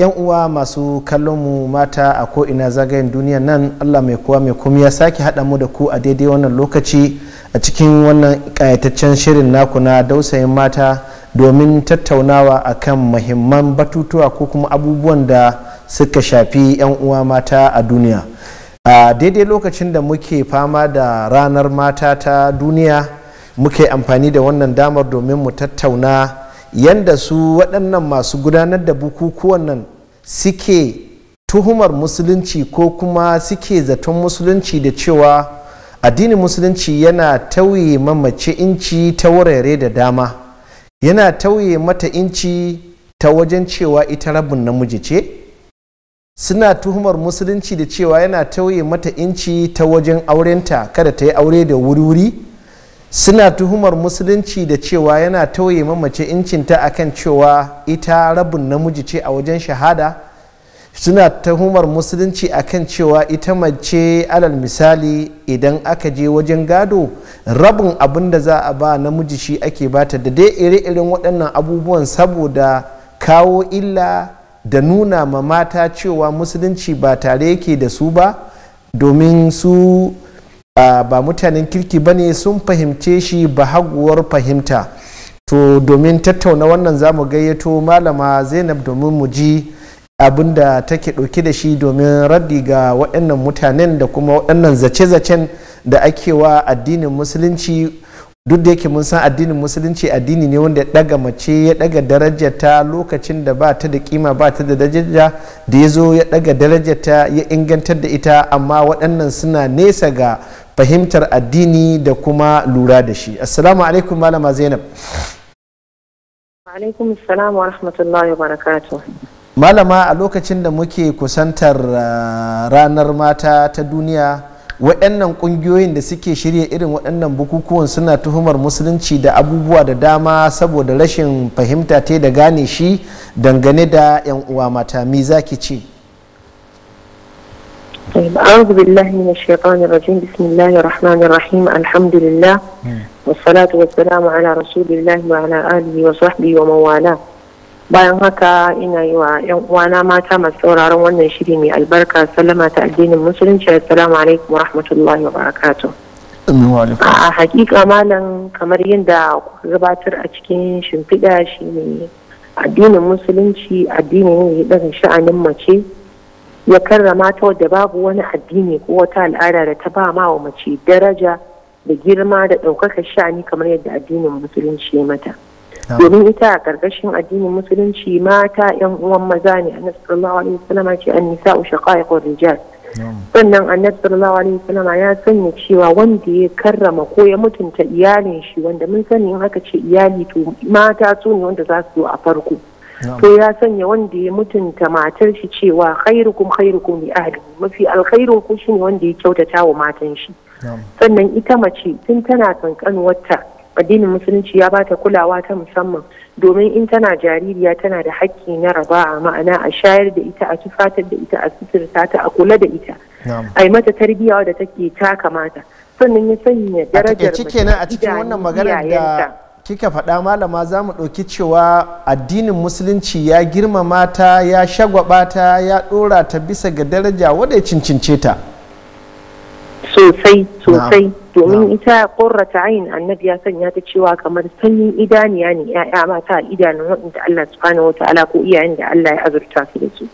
yan uwa masu kallon mu mata a ko'ina zagayen duniya nan allah mai kowa mai kuma ya sake haɗa mu da ku a daidai wannan lokaci a cikin wannan kayataccen shirin naku na dausayin mata domin tattaunawa a kan mahimman batutuwa ko kuma abubuwan da suka shafi yan uwa mata a duniya a daidai lokacin da muke fama da ranar mata ta duniya muke amfani da wannan damar domin mu tattauna yanda su waɗannan masu gudanar da bukukuwan nan suke tuhumar musulunci ko kuma suke zaton musulunci da cewa addinin musulunci yana tauye mamace inci ta wurare da dama yana tauye mata inci ta wajen cewa ita rabin namiji ce suna tuhumar musulunci da cewa yana tauye mata inci ta wajen aurenta kada ta yi aure da wuri-wuri suna tuhumar musulunci da cewa yana tauye mamace incinta a kan cewa ita rabin namiji ce a wajen shahada suna tuhumar musulunci a kan cewa ita mace alal misali idan aka je wajen gado rabin abin da za a ba namiji shi ake bata da dai ire-iren waɗannan abubuwan saboda kawo illa da nuna ma mata cewa musulunci ba tare yake da su ba domin su ba mutanen kirki ba ne sun fahimce shi ba haguwar fahimta to domin tattauna wannan za mu gayyato malama zainab domin mu ji abin da take ɗauke da shi domin raddi ga waɗannan mutanen da kuma waɗannan zace-zacen da ake wa addinin musulunci duk da yake mun san addinin musulunci addini ne wanda ya daga mace ya daga darajata lokacin da ba ta da kima ba ta da daraja da ya zo ya daga darajata ya ingantar da ita amma waɗannan suna nesa ga fahimtar addini da kuma lura da shi assalamu alaikum malama zainab alaikum malama a lokacin da muke kusantar ah, ranar mata ta duniya waɗannan ƙungiyoyin da suke shirya irin waɗannan bukukuwan suna tuhumar musulunci da abubuwa da dama saboda rashin fahimta ta da gane shi dangane da 'yan uwa mata me za ki ce أعوذ بالله من الشيطان الرجيم بسم الله الرحمن الرحيم الحمد لله والصلاة والسلام على رسول الله وعلى آله وصحبه ومن والاه bayan haka ina yi wa 'yan uwana mata masu sauraron wannan shiri mai albarka salama, ta addinin musulunci assalamu alaikum wa rahmatullahi wa a hakika malam kamar yadda gabatar a cikin shimfiɗa shi ne addinin musulunci addinin ne ya daga sha'anin mace ya karrama ta wadda babu wani addini ko wata al'ada da ta ba ma wa mace daraja da girma da ɗaukaka sha'ani kamar yadda addinin musulunci ya mata. domin ita a karkashin addinin musulunci mata yan uwan maza ne annabi sallallahu alaihi salama ce an-nisa ushaqaiqur rijal sannan annabi sallallahu alaihi salama ya sanya cewa wanda ya karrama ko ya mutunta iyalin shi wanda mun sani in aka ce iyali to mata su ne wanda za su zo a farko to ya sanya wanda ya mutunta matar shi cewa khairukum khairukum li ahli mafi alkhairun ku shine wanda ya kyautata wa matan shi sannan ita mace tun tana wata addinin musulunci ya bata kulawa ta musamman domin in tana jaririya tana da hakki na raba a ma'ana a shayar da ita a tufatar da ita a suturta ta a kula da ita a yi mata tarbiyya wadda take ta kamata sannan ya sanya darajar a cikin wannan magana da kika faɗa malama za mu ɗauki cewa addinin musulunci ya girmama ta ya shagwaba ta ya ɗora ta bisa ga daraja wadda ya cincince ta sosai sosai domin ita korrata ayin annabi ya sanya ta cewa kamar sanyin idaniya ne ya'ya mata a idanun waɗanda Allah subhanahu wa ta'ala ko iyayen da Allah ya azurta su da su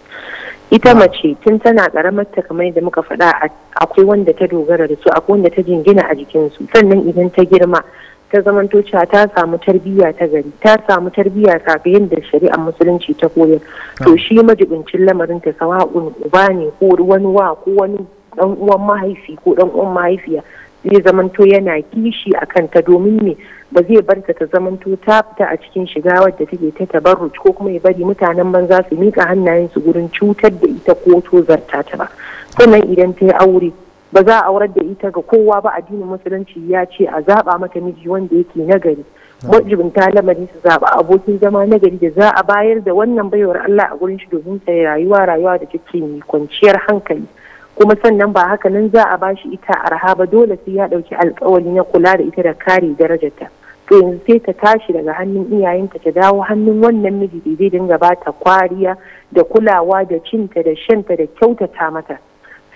ita mace tun tana karamar ta kamar da muka faɗa akwai wanda ta dogara da su akwai wanda ta jingina a jikin su sannan idan ta girma ta zamanto cewa ta samu tarbiyya ta gari ta samu tarbiyya kafin yadda shari'ar musulunci ta koyar to shi majibincin lamarin ta sawa'un uba ne ko wani wa ko wani dan uwan mahaifi ko dan uwan mahaifiya zai zamanto yana kishi a kanta domin me ba zai bar ta zamanto ta fita a cikin shiga wadda take ta tabarruc ko kuma ya bari mutanen banza su mika hannayen su gurin cutar da ita ko tozarta ta ba sannan idan ta yi aure ba za a aurar da ita ga kowa ba addinin musulunci ya ce a zaba mata miji wanda yake nagari hmm. ta lamari su zaba abokin zama nagari da za a bayar da wannan baiwar Allah a gurin shi domin ta rayuwa rayuwa da take mai kwanciyar hankali kuma sannan ba haka nan za a bashi ita arha ba dole sai ya ɗauki alkawari na kula da ita da kare darajarta to yanzu sai ta tashi daga hannun iyayenta ta dawo hannun wannan miji da zai dinga ba ta kwariya da kulawa da cinta da shanta da kyautata mata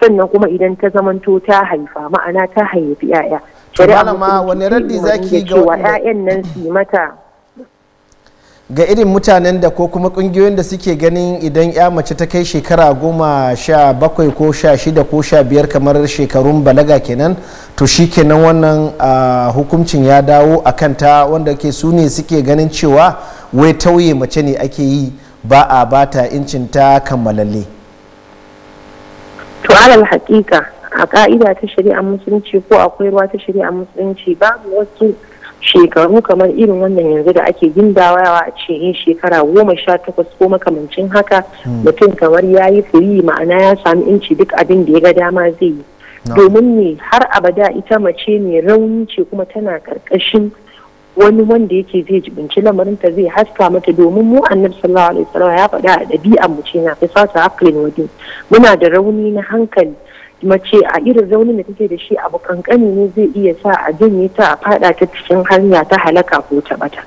sannan kuma idan ta zamanto ta haifa ma'ana ta haifi 'ya'ya shari'a ma wani raddi zaki ga 'ya'yan nan su mata ga irin mutanen da ko kuma kungiyoyin da suke ganin idan ya mace ta kai shekara goma sha bakwai ko sha shida ko sha biyar kamar shekarun balaga kenan to shi kenan wannan hukuncin ya dawo a kanta wanda ke su ne suke ganin cewa wai tauye mace ne ake yi ba a bata incin ta kammalalle to alal hakika a ka'ida ta shari'a musulunci ko akwai ruwa ta shari'a musulunci babu wasu shekaru kamar irin wannan yanzu da ake gindawa a ce yin shekara goma sha takwas ko makamancin haka hmm. mutum kamar ya yi furi ma'ana ya sami inci duk abin da ya ga dama zai yi domin ne har abada ita mace mai rauni ce kuma tana karkashin wani wanda yake zai jibinci lamarinta zai haska mata domin mu annabi sallallahu alaihi wasallam ya faɗa a ɗabi'an mu ce na fi sata aklin wajen muna da rauni na hankali mace a irin raunin da take da shi abu kankani ne zai iya sa a janye ta a fada ta cikin hanya ta halaka ko ta bata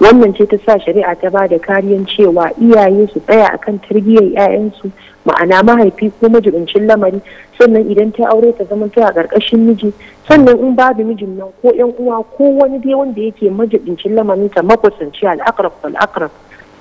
wannan ce ta sa shari'a ta ba da kariyan cewa iyaye su tsaya a kan tarbiyyar 'ya'yansu ma'ana mahaifi ko majibincin lamari sannan idan ta aure ta zama ta a ƙarƙashin miji sannan in babu mijin nan ko yan uwa ko wani dai wanda yake majibincin lamarin ta makusanci al'akrab al'akrab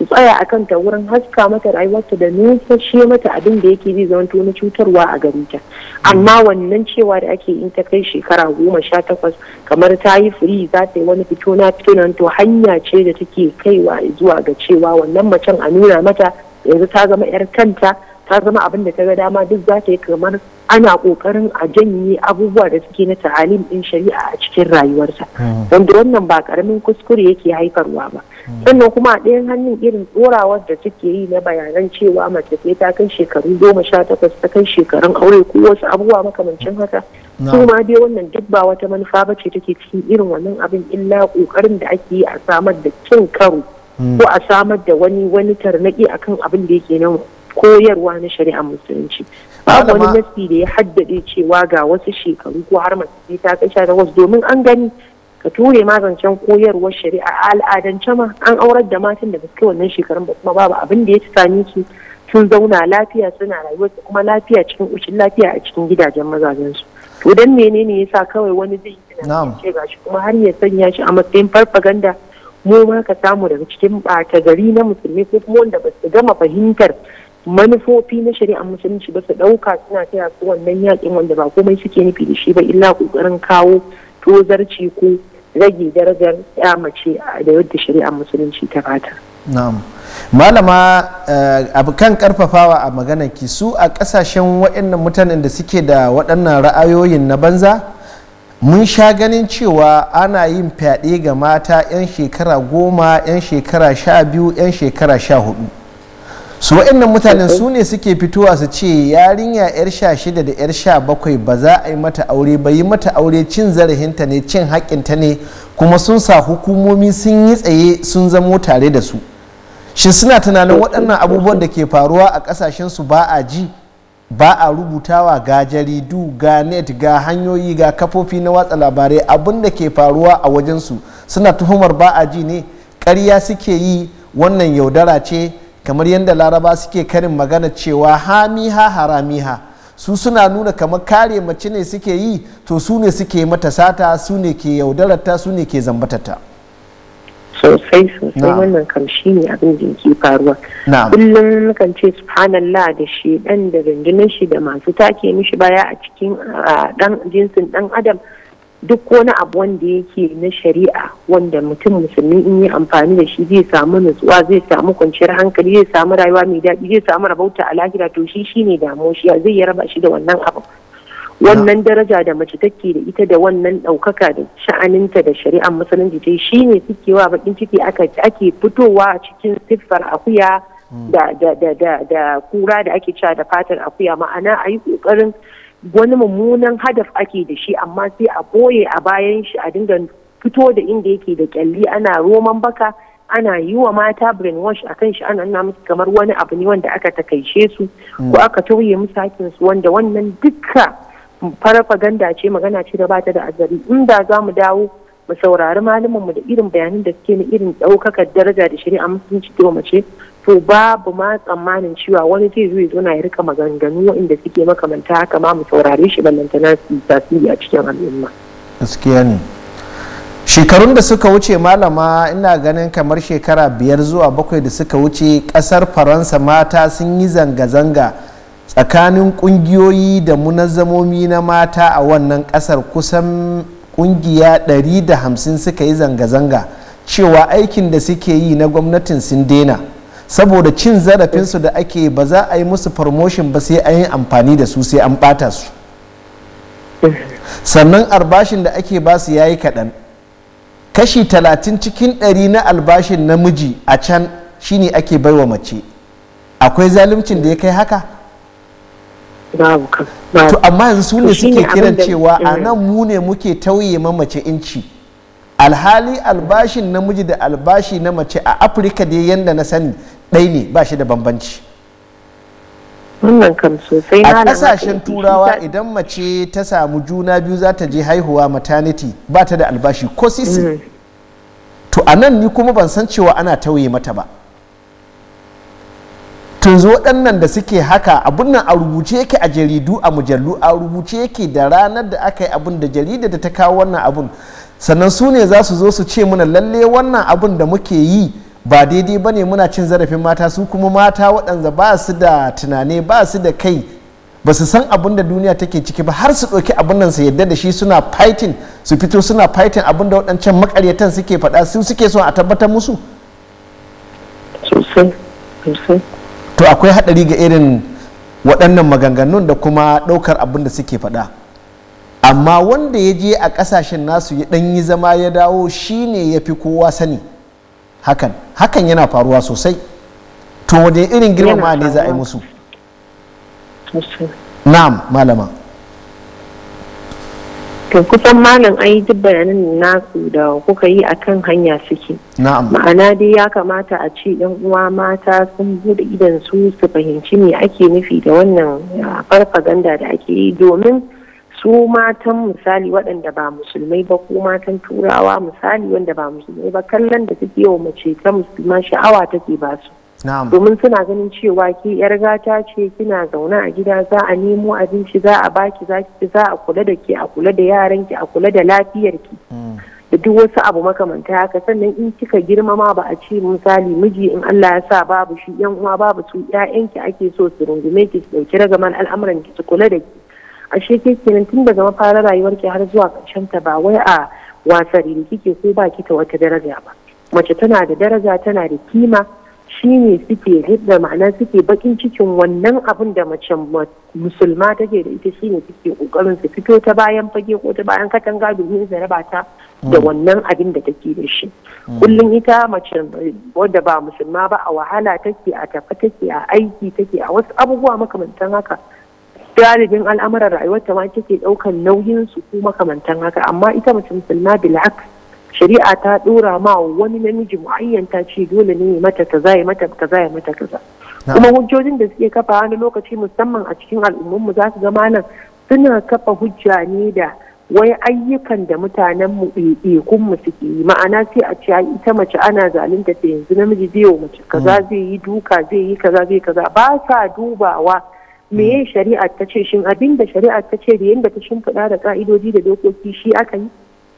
su tsaya a kanta wurin haska mata rayuwarta da shi mata abin da yake zai zama na cutarwa a garin ta amma wannan cewa da ake in ta kai shekara goma sha takwas kamar ta yi firi za ta yi wani fito na fito nan to hanya ce da take kaiwa zuwa ga cewa wannan macen a nuna mata yanzu ta zama 'yar kanta ta zama abin da ta ga dama duk za ta yi kamar ana kokarin a janye abubuwa da suke na ta'alim din shari'a a cikin rayuwarsa hmm. wanda wannan ba karamin kuskure yake haifarwa ba hmm. sannan kuma a ɗayan hannun irin tsorawar da suke yi na bayanan cewa mace sai ta kai shekaru goma sha takwas ta kai shekarun aure ko wasu abubuwa makamancin haka su ma dai wannan duk ba wata manufa ba ce take cikin irin wannan abin illa kokarin da ake yi a samar da cin karo hmm. ko a samar da wani wani tarnaki akan abin da yake nan koyarwa na shari'a musulunci babu wani nasi da ya haddade cewa ga wasu shekaru ko har masu ta kai sha takwas domin an gani ka ture ma zancen koyarwar shari'a a al'adance ma an aurar da matan da basu wannan shekarun ba kuma babu abin da ya ci sami su sun zauna lafiya suna rayuwa kuma lafiya cikin ƙoshin lafiya a cikin gidajen mazajensu to dan menene yasa kawai wani zai yi tunanin ce gashi kuma har ya sanya shi a matsayin farfaganda mu ma ka samu daga cikin ɓata gari na musulmi ko kuma wanda ba su gama fahimtar manufofi na shari'ar musulunci ba su ɗauka suna taya su wannan yakin wanda ba komai suke nufi da shi ba illa kokarin kawo tozarci ko rage darajar ya mace da yadda shari'ar musulunci ta fata. Na'am. Malama eh, abu kan karfafawa a magana ki su a kasashen waɗannan mutanen da suke da waɗannan ra'ayoyin na banza mun sha ganin cewa ana yin fyaɗe ga mata 'yan shekara goma 'yan shekara sha biyu 'yan shekara sha hudu. su waɗannan mutanen eh, eh. su ne suke fitowa su ce yarinya yar sha shida da yar sha bakwai ba za a yi mata aure ba yi mata aure cin zarafinta ne cin ta ne kuma sun sa hukumomi sun yi tsaye sun zamo tare da su shi suna tunanin eh, waɗannan abubuwan da ke faruwa a su ba a ji ba a rubutawa ga jaridu ga net ga hanyoyi ga kafofi na watsa labarai abin da ke faruwa a wajen su suna tuhumar ba a ji ne ƙarya suke yi wannan yaudara ce kamar yadda laraba suke karin magana cewa hamiha haramiha su suna nuna kamar kare mace ne suke yi to su ne suke mata sata su ne ke yaudararta su ne ke zambatata sosai sosai wannan kam shi ne abin da yake faruwa kullum kan ce subhanallah da shi dan da rundunar shi da masu take mishi baya a cikin dan jinsin dan adam duk wani abu wanda yake na shari'a wanda mutum musulmi in yi amfani da shi zai samu nutsuwa zai samu kwanciyar hankali zai samu rayuwa mai daɗi zai samu rabauta a lahira to shi shine damuwa shi zai yi raba shi da wannan abu wannan daraja da mace take da ita da wannan ɗaukaka da sha'aninta da shari'ar musulunci ce shi ne suke wa bakin ciki ake fitowa cikin siffar akuya hmm. da kura da ake cewa da fatar akuya ma'ana a yi ƙoƙarin wani mummunan hadaf ake da shi amma sai a boye a bayan shi a dinga fito da inda yake da kyalli ana roman baka ana yi wa mata brainwash a kan shi ana nuna musu kamar wani abu ne wanda aka takaice su ko hmm. aka tauye musu hakin su wanda wannan dukka farafaganda ce magana ce da bata da azari inda za mu dawo mu saurari malamin mu da irin bayanin da suke na irin ɗaukakar daraja da shari'a musulunci ta mace to babu ma tsammanin cewa wani zai zo ya zo na ya rika maganganu waɗanda suke makamanta haka ma mu saurare shi ballantana su tasiri a cikin al'umma gaskiya ne shekarun da suka wuce malama ina ganin kamar shekara biyar zuwa bakwai da suka wuce kasar faransa mata sun yi zanga-zanga tsakanin kungiyoyi da munazzamomi na mata a wannan kasar kusan kungiya 150 suka yi zanga-zanga cewa aikin da suke yi na gwamnatin sun daina saboda cin zarafinsu da ake ba za a yi musu promotion ba sai an yi amfani da su sai an bata su sannan albashin da ake ba su ya yi kaɗan kashi 30 cikin 100 na albashin namiji a can shine ake baiwa mace akwai zaluncin da ya kai haka to amma yanzu su ne suke kiran cewa a eh. nan mu ne muke tauye ma mace inci alhali albashin namiji da albashi na mace a afirka dai yadda na sani ɗai ne ba shi da bambanci a ƙasashen turawa idan mace ta samu juna biyu za ta je haihuwa maternity ba ta da albashi ko sisi mm. to a nan ni kuma ban san cewa ana tauye mata ba zo waɗannan da suke haka abun nan a rubuce yake a jaridu a mujallu a rubuce yake da ranar da aka yi abun da jarida da ta kawo wannan abun sannan su ne za su zo su ce muna lalle wannan abun da muke yi ba daidai ba ne muna cin zarafin mata su kuma mata waɗanda ba su da tunani ba su da kai ba su san abun da duniya take ciki ba har su ɗauki abun nan su yadda da shi suna fighting su fito suna fighting abun da waɗancan makaryatan suke faɗa su suke son a tabbatar musu sosai sosai to akwai haɗari ga irin waɗannan maganganun da kuma ɗaukar abin da suke faɗa amma wanda ya je a ƙasashen nasu ya ɗan yi zama ya dawo shi ne ya fi kowa sani hakan hakan yana faruwa sosai to wajen irin girmama ne za a yi musu na'am malama to kusan malam an yi duk bayanan nasu da kuka yi a kan hanya suke ma'ana dai ya kamata a ce yan uwa mata sun buɗe idan su su fahimci me ake nufi da wannan farfaganda da ake yi domin su matan misali waɗanda ba musulmai ba ko matan turawa misali wanda ba musulmai ba kallon da suke wa mace ta musulma sha'awa take ba su domin suna ganin cewa ki yar gata ce kina zaune a gida za a nemo abinci za a baki za ki za a kula da ke a kula da yaran ki a kula da lafiyar ki hmm. da duk wasu abu makamanta haka sannan in kika girma ma ba a ce misali miji in Allah ya sa babu shi yan uwa babu su ƴaƴan ki ake so su rungume ki su dauki ragaman al'amuran ki su kula da ki ashe sheke kenan tun daga mafara rayuwar ki har zuwa karshen ta ba wai a wasari kike ko ba ta wata daraja ba mace tana da daraja tana da kima shi ne suke hidda ma'ana suke bakin cikin wannan abin da mace musulma take da ita shi ne suke kokarin su fito ta bayan fage ko ta bayan katanga domin su raba ta da mm. wannan abin da take da shi mm. kullum ita mace wadda ba musulma ba a wahala take a tafa take a aiki take a wasu abubuwa makamantan haka galibin al'amuran rayuwarta ma take daukan nauyin su ko makamantan haka amma ita mace musulma bil'aks shari'a ta dora ma wani namiji mu'ayyanta ce dole ne mata kaza ya mata kaza mata kaza kuma hujjojin da suke kafa wani lokaci musamman a cikin al'ummarmu za su zama nan suna kafa hujja ne da wai ayyukan da mutanen mu ɗaiɗaikun mu suke yi ma'ana sai a ce ita mace ana zalunta ta yanzu namiji zai yi mace kaza mm. zai yi duka zai yi kaza zai kaza ba sa dubawa meye mm. shari'a ta ce shin abinda da shari'a ta ce da yadda ta shimfiɗa da ka'idoji da dokoki shi aka yi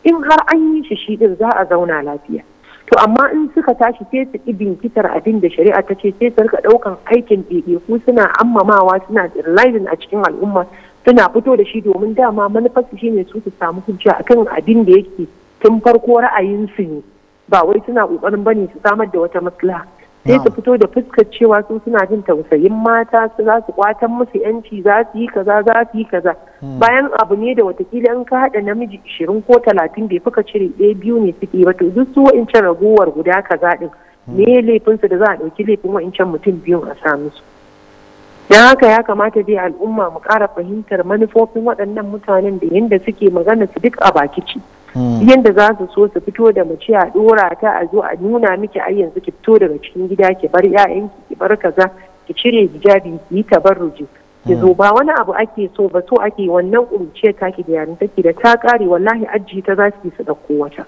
in har an yi shi shi din za a zauna lafiya to amma in suka tashi sai su ibin kitar abin da shari'a ta ce sai su rika ɗaukan aikin ɗaiɗaiku suna ammamawa suna realizing a cikin al'umma suna fito da shi domin dama manufarsu shine su su samu hujja akan abin da yake tun farko ra'ayinsu ne ba wai suna ƙoƙarin bane su samar da wata maslaha sai su fito da fuskar cewa su suna jin tausayin mata su za su kwatan musu yanci za su yi kaza za su yi kaza hmm. bayan abu ne da watakila in ka haɗa namiji ishirin ko talatin bai fuka cire ɗaya biyu ne suke ba to duk su wa'incan ragowar guda kaza ɗin hmm. me laifinsu da za a ɗauki laifin wa'incan mutum biyun a sa musu don haka ya kamata dai al'umma mu kara fahimtar manufofin waɗannan mutanen da yadda suke magana su duk a baki ce. Mm. yadda za su so su fito da mace a dora ta a zo a nuna miki ai yanzu ki fito daga cikin gida ki bar yayanki ki bar kaza ki cire hijabi ki yi tabarruji ki mm. zo ba wani abu ake so ba so ake wannan ta ki da yarinta ki da ta kare wallahi ajiye ta za su yi su ɗauko wata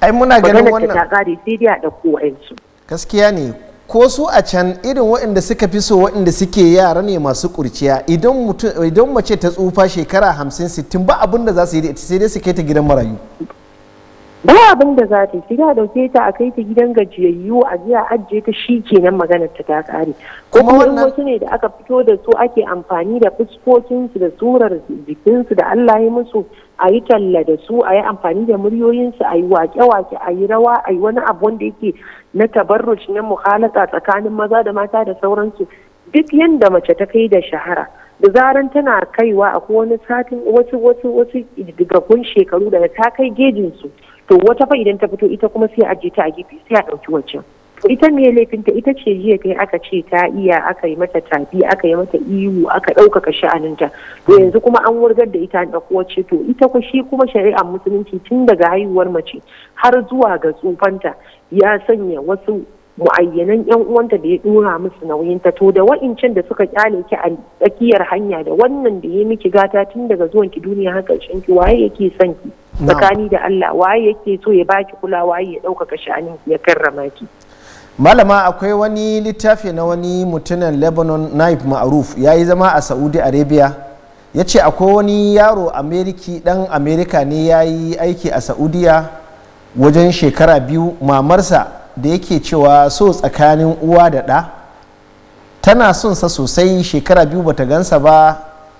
ai muna ganin wannan sai dai a ɗauko wa'ansu gaskiya ne ko su a can irin waɗanda suka fi so waɗanda suke yara ne masu kurciya idan mace ta tsufa shekara hamsin sittin ba abin da za su yi da ita sai dai su kai ta gidan marayu ba abin da za ta yi ta dauke ta a kai ta gidan gajiyayyu a jiya ajiye ta shi kenan maganar ta ta kare ko kuma wasu ne da aka fito da su ake amfani da fuskokinsu da surar jikinsu da Allah ya musu a yi talla da su a yi amfani da muryoyinsu a yi wake-wake a yi rawa a yi wani abu wanda yake na tabarruc na muhalata tsakanin maza da mata da sauransu duk yadda mace ta kai da shahara da zaran tana kaiwa a wani satin wasu wasu wasu digaggun shekaru da ta kai gejinsu to wata fa idan ta fito ita kuma sai a je ta a gefe sai a ɗauki wancan. ita me laifinta ita ce jiya kai aka ce ta iya aka yi mata tafi aka yi mata iwu aka ɗaukaka sha'aninta to hmm. yanzu kuma an wurgar da ita da kowace to ita ku shi kuma shari'ar musulunci tun daga haihuwar mace har zuwa ga tsufanta ya sanya wasu mu'ayyanan yan uwanta da ya dora musu nauyin ta to da wa'incan da suka kyale ki a tsakiyar hanya da wannan da ya miki gata tun daga zuwan ki duniya har karshen ki waye yake son ki tsakani da Allah waye yake so ya baki kulawa ya ɗaukaka sha'anin ya karrama ki malama akwai wani littafi na wani mutumin lebanon naif ma'aruf ya yi zama a saudi arabia ya ce akwai wani yaro ameriki dan amerika ne ya yi aiki a saudiya wajen shekara biyu mamarsa da yake cewa so tsakanin uwa da ɗa tana son sa sosai shekara biyu bata gansa ba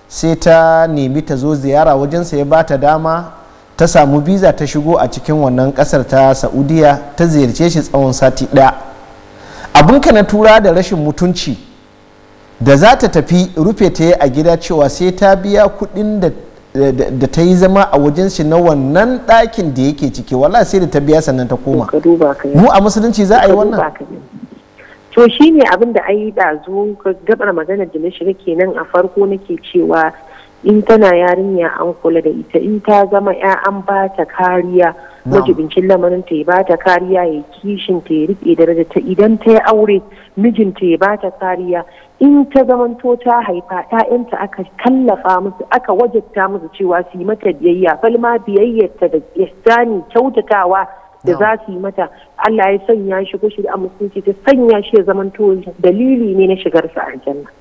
sai ta nemi ta zo ziyara wajensa ya bata dama ta samu biza ta shigo a cikin wannan kasar ta saudiya ta ziyarce shi tsawon sati ɗaya abinka na tura da rashin mutunci da za ta tafi rufe ta a gida cewa sai ta biya kudin da tayi ta yi zama a wajen shi na wannan ɗakin da yake ciki wala sai da ta biya sannan ta koma mu a musulunci za a yi wannan to shi ne abin da ayi ɗazu gabar magana da na shiga kenan a farko nake cewa in tana yarinya an kula da ita in ta zama ya an ba ta kariya majibincin lamarin ta ya bata kariya ya kishin ta ya rike daraja ta idan ta ya aure mijinta ya bata kariya in ta zamanto ta haifa ‘ya'yanta aka kallafa musu aka wajabta musu cewa su yi mata biyayya falma biyayyar ta da ihsani kyautatawa da za su yi mata Allah ya sanya shi ko shirya musulunci ta sanya shi ya zamanto dalili ne na shigarsa aljanna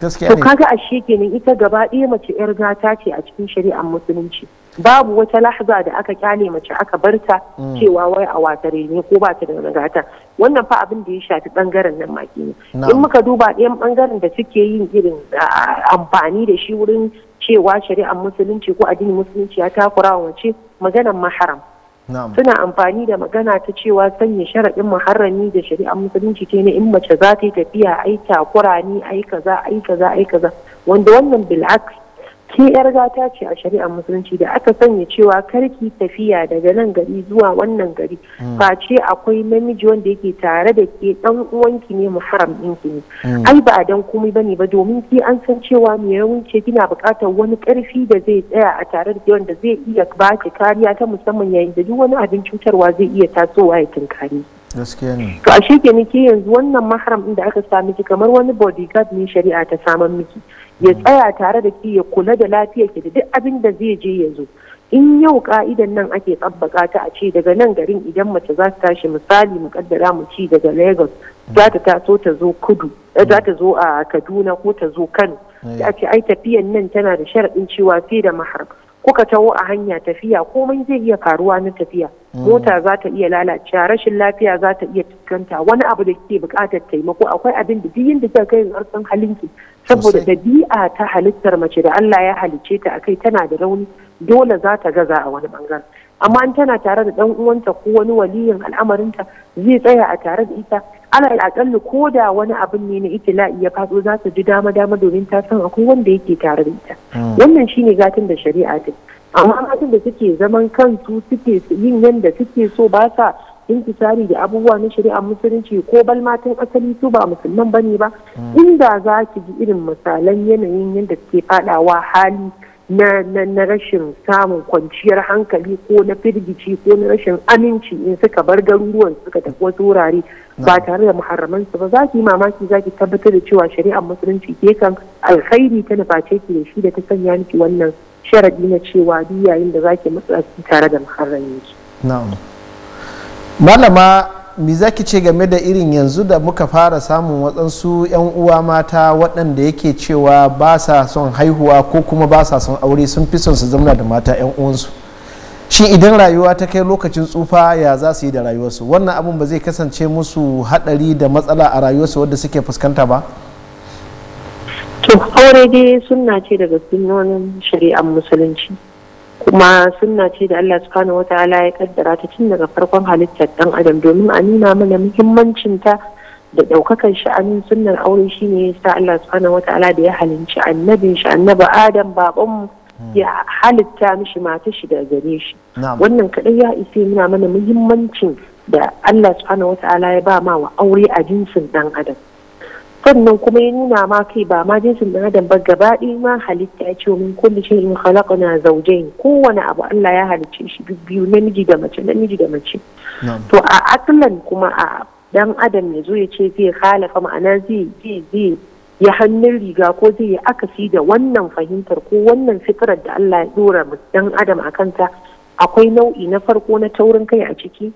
to kaga ashe kenan ita gaba ɗaya mace yar gata ce a cikin shari'ar musulunci babu wata lahza da aka kyale mace aka barta mm. cewa wai a watare ne ko ba ta da gata wannan fa abin da ya shafi bangaren nan maki ne in muka duba ɗayan bangaren da suke yin irin amfani da shi wurin cewa shari'ar musulunci ko addinin musulunci ya takura wace maganar maharam suna amfani da magana ta cewa sanya sharaɗin muharrami da shari'ar musulunci ce ne in mace za ta yi tafiya ai takura ni ai kaza ai kaza ai kaza wanda wannan bil'aks ke yar gata ce a shari'ar musulunci da aka sanya cewa karki tafiya daga nan gari zuwa wannan gari mm. face akwai namiji wanda yake tare da ke dan uwanki ne muharram ɗinki ne mm. ai ba dan komai bane ba domin ki an san cewa me yawanci ce kina buƙatar wani ƙarfi da zai tsaya a tare da wanda zai iya ba ki kariya ta musamman yayin da duk wani abin cutarwa zai iya tasowa ya tunkari gaskiya ne to a shi ke yanzu wannan maharam ɗin da aka sami kamar wani bodyguard ne shari'a ta saman miki ya tsaya tare da ki ya kula da lafiyar ki da duk abin da zai je ya zo in yau ka'idan nan ake tsabbaka ta a ce daga nan garin idan mace za ta tashi misali mu kaddara mu ci daga Lagos za ta taso ta zo kudu eh, za ta zo a Kaduna ko ta zo Kano eh. a ce ai tafiyan nan tana da sharaɗin cewa fiye da mahar kuka taho a hanya tafiya komai zai iya faruwa na tafiya mm. mota za ta iya lalacewa rashin lafiya za ta iya fuskanta wani abu da ke buƙatar taimako akwai abin da duk da kika kai harsan halinki saboda dabi'a ta halittar mace da Allah ya halicce ta akai tana da rauni dole za ta gaza a wani bangaren amma in tana tare da dan uwanta ko wani waliyin al'amarinta zai tsaya a tare da ita alal akalli ko da wani abin ne na itila'i ya faso za su ji dama dama domin ta san akwai wanda yake tare da ita hmm. wannan shine gatin da shari'a ta amma matan da suke zaman kansu suke yin yadda suke so ba sa intisari da abubuwa na shari'a musulunci ko bal asali su ba musulman bane ba hmm. inda za ki ji irin misalan yanayin yadda suke fadawa hali na, na, na rashin samun kwanciyar hankali ko na firgici ko na rashin aminci in suka bar garuruwan suka tafi wasu wurare ba tare da muharraman su ba za ki mamaki za ki tabbatar da cewa shari'ar musulunci ke kan alkhairi ta nuface ki da shi da ta sanya miki wannan sharadi na cewa duk yayin da za ki matsa tare da muharramin ki. Malama me zaki ce game da irin yanzu da muka fara samun waɗansu 'yan uwa mata waɗanda yake cewa ba sa son haihuwa ko kuma ba sa son aure sun fi son su zama da mata 'yan uwansu shi idan rayuwa ta kai lokacin tsufa ya za su yi da rayuwarsu wannan abin ba zai kasance musu haɗari da matsala a rayuwarsu wadda suke fuskanta ba to aure dai daga sunnonin shari'ar musulunci kuma sunna ce da Allah subhanahu ta'ala ya kaddara ta tun daga farkon halittar dan adam domin a nuna mana muhimmancin ta da ɗaukakar sha'anin sunnar aure shine sa Allah subhanahu ta'ala da ya halinci annabin shi annabi Adam babanmu hmm. ya halitta mishi mata shi da gare shi wannan kaɗai ya isa nuna mana muhimmancin da Allah subhanahu wata'ala ya ba ma wa aure a jinsin ɗan adam sannan kuma ya nuna ma kai ba ma jinsin dan adam ba gaba ma halitta ya ce min kulli halaka na zauje kowane abu Allah ya halicce shi duk biyu namiji da mace namiji da mace to a atlan kuma a dan adam ya zo ya ce zai halafa ma'ana zai zai zai ya hannun riga ko zai yi akasi da wannan fahimtar ko wannan fikirar da Allah ya dora dan adam a kanta akwai nau'i na farko na taurin kai a ciki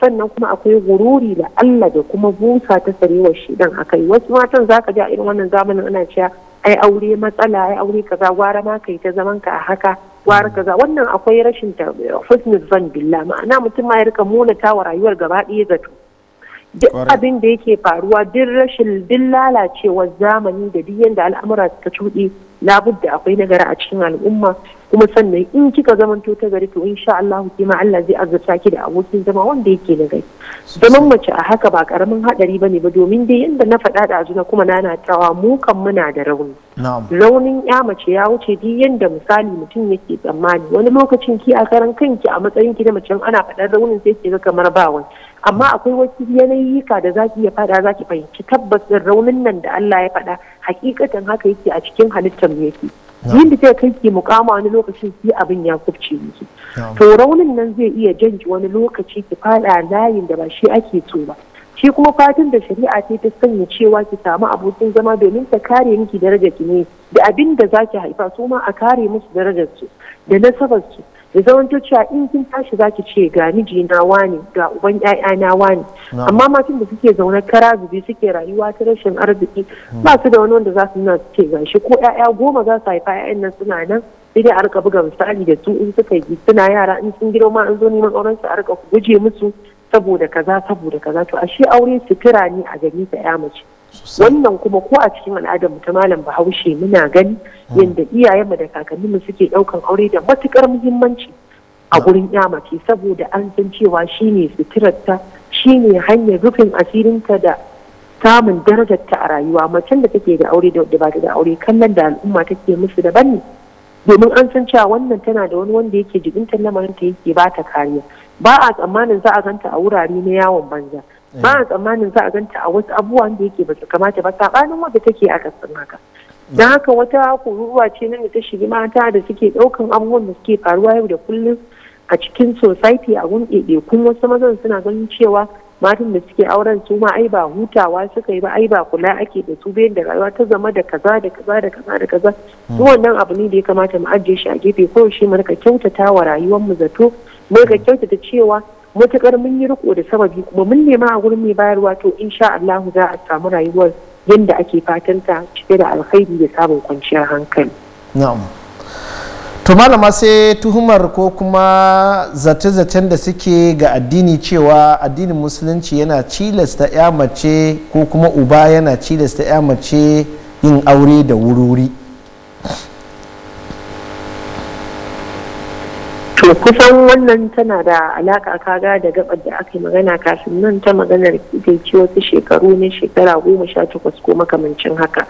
sannan kuma akwai gururi da Allah da kuma busa ta sarewar dan akai wasu matan zaka ji a irin wannan zamanin ana cewa ai aure matsala ai aure kaza gwara ma kai ta zaman ka a haka gwara kaza wannan akwai rashin husnul zan billah ma'ana mutum ma ya rika munata wa rayuwar gaba ɗaya zato duk abin da yake faruwa duk rashin duk lalacewar zamani da duk yanda al'amura ta cuɗe labudda akwai nagara a cikin al'umma kuma sannan in kika zamanto ta gari to insha Allah ma Allah zai azurta ki da abokin zama wanda yake na gari zaman mace a haka ba karamin hadari bane ba domin dai yanda na faɗa da azuna kuma na na nanatawa mu kan muna da rauni raunin ya mace ya wuce duk yanda misali mutum yake tsammani wani lokacin ki a karan kanki a matsayin ki na mace ana faɗar raunin sai ki ga kamar ba wani amma akwai wasu yanayika da zaki iya faɗa zaki fahimci tabbas raunin nan da Allah ya faɗa hakikatan haka yake a cikin halittar mu yake da kika kai ki mukama wani lokacin sai abin ya kubce musu to raunin nan zai iya janji wani lokaci ki fada layin da ba shi ake so ba shi kuma fatan da shari'a ce ta sanya cewa ki samu abokin zama domin ta kare miki darajar ki ne da abin da zaki haifa su ma a kare musu darajar su da nasabar su ya zamanto cewa in kin tashi ki ce ga miji na wani ga uban ƴaƴa na wani amma matan da suke zaune kara zubi suke rayuwa ta rashin arziki hmm. ba su da wani wanda za su nuna ce ga shi ko ƴaƴa goma za su haifa ƴaƴan nan suna nan sai dai a rika buga misali da su in suka yi suna yara in sun girma an zo neman auren su a rika guje musu saboda kaza saboda kaza to ashe aure sutura ne a gari ta ƴa mace wannan kuma ko a cikin al'adar mu ta malam bahaushe muna gani hmm. yadda iyayenmu da kakanninmu suke ɗaukan aure da matukar muhimmanci a hmm. gurin ya mace saboda an san cewa shine ta shine hanyar rufin asirinta da samun darajarta a rayuwa macen da take da aure da ba da aure kallon da al'umma take musu daban ne domin an san cewa wannan tana da wani wanda yake jikinta lamarinta yake bata kariya ba a tsammanin za a ganta a wurare na yawon banza Eh. ba a tsammanin za a ganta a wasu abubuwan da yake ba su kamata ba sabanin wadda take a kasar haka da mm. haka wata kururuwa ce nan da ta shiga mata da suke ɗaukan abubuwan da suke faruwa yau da kullum a cikin society a gun kuma wasu mazan suna ganin cewa matan da suke auren su ma ai ba hutawa suka yi ba ai ba kula ake da su bayan da rayuwa ta zama da kaza da kaza da kaza da kaza su mm. wannan abu ne da ya kamata mu ajiye shi a gefe ko shi mu rika kyautata wa rayuwar mu zato mu rika mm. kyautata cewa matukar mun yi riko da sababi kuma mun nema a gurin mai bayarwa to sha Allah za a samu rayuwar yadda ake fatanta cike da alkhairi da samun kwanciyar hankali na'am to malama sai tuhumar ko kuma zace-zacen da suke ga addini cewa addinin musulunci yana cilasta ya mace ko kuma uba yana cilasta ya mace yin aure da wuri to kusan wannan tana da alaka kaga da gabar da aka yi magana kafin nan ta maganar da ke wasu shekaru na shekara goma sha takwas ko makamancin haka